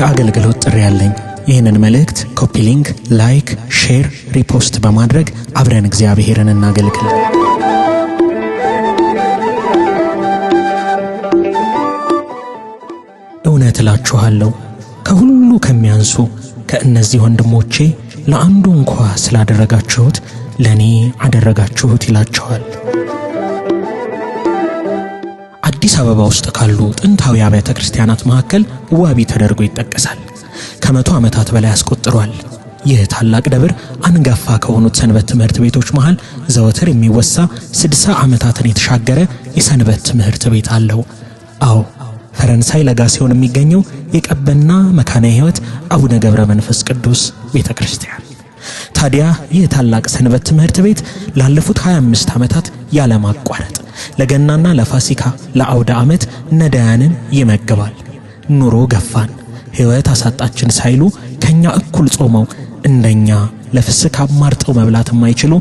የአገልግሎት ጥሪ ያለኝ። ይህንን መልእክት ኮፒ ሊንክ፣ ላይክ፣ ሼር፣ ሪፖስት በማድረግ አብረን እግዚአብሔርን እናገልግል። እውነት እላችኋለሁ ከሁሉ ከሚያንሱ ከእነዚህ ወንድሞቼ ለአንዱ እንኳ ስላደረጋችሁት ለእኔ አደረጋችሁት ይላችኋል። አዲስ አበባ ውስጥ ካሉ ጥንታዊ አብያተ ክርስቲያናት መካከል ዋቢ ተደርጎ ይጠቀሳል። ከመቶ ዓመታት በላይ አስቆጥሯል። ይህ ታላቅ ደብር አንጋፋ ከሆኑት ሰንበት ትምህርት ቤቶች መሃል ዘወትር የሚወሳ ስድሳ ዓመታትን የተሻገረ የሰንበት ትምህርት ቤት አለው። አዎ ፈረንሳይ ለጋ ሲሆን የሚገኘው የቀበና መካነ ሕይወት አቡነ ገብረ መንፈስ ቅዱስ ቤተ ክርስቲያን ታዲያ ይህ ታላቅ ሰንበት ትምህርት ቤት ላለፉት 25 ዓመታት ያለማቋረጥ ለገናና ለፋሲካ ለአውደ ዓመት ነዳያንን ይመግባል። ኑሮ ገፋን፣ ሕይወት አሳጣችን ሳይሉ ከኛ እኩል ጾመው እንደኛ ለፍስክ አማርጠው መብላት የማይችሉ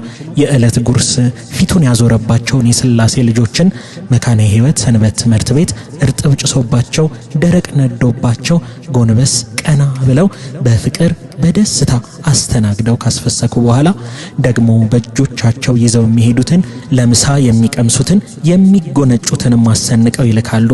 የዕለት ጉርስ ፊቱን ያዞረባቸውን የስላሴ ልጆችን መካነ ሕይወት ሰንበት ትምህርት ቤት እርጥብ ጭሶባቸው ደረቅ ነዶባቸው ጎንበስ ቀና ብለው በፍቅር በደስታ አስተናግደው ካስፈሰኩ በኋላ ደግሞ በእጆቻቸው ይዘው የሚሄዱትን ለምሳ የሚቀምሱትን የሚጎነጩትንም አሰንቀው ይልካሉ።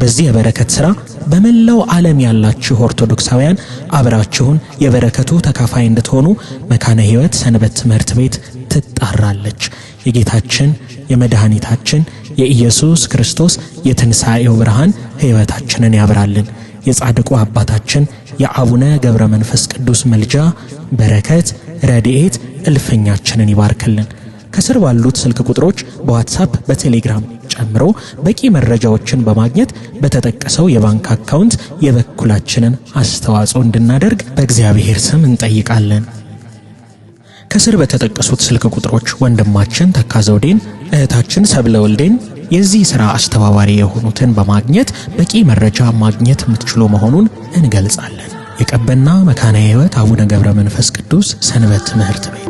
በዚህ የበረከት ስራ በመላው ዓለም ያላችሁ ኦርቶዶክሳውያን አብራችሁን የበረከቱ ተካፋይ እንድትሆኑ መካነ ሕይወት ሰንበት ትምህርት ቤት ትጣራለች። የጌታችን የመድኃኒታችን የኢየሱስ ክርስቶስ የትንሣኤው ብርሃን ሕይወታችንን ያብራልን። የጻድቁ አባታችን የአቡነ ገብረ መንፈስ ቅዱስ መልጃ በረከት፣ ረድኤት እልፍኛችንን ይባርክልን። ከስር ባሉት ስልክ ቁጥሮች በዋትሳፕ በቴሌግራም ጨምሮ በቂ መረጃዎችን በማግኘት በተጠቀሰው የባንክ አካውንት የበኩላችንን አስተዋጽኦ እንድናደርግ በእግዚአብሔር ስም እንጠይቃለን። ከስር በተጠቀሱት ስልክ ቁጥሮች ወንድማችን ተካ ዘውዴን፣ እህታችን ሰብለ ወልዴን የዚህ ሥራ አስተባባሪ የሆኑትን በማግኘት በቂ መረጃ ማግኘት የምትችሉ መሆኑን እንገልጻለን። የቀበና መካነ ሕይወት አቡነ ገብረ መንፈስ ቅዱስ ሰንበት ትምህርት ቤት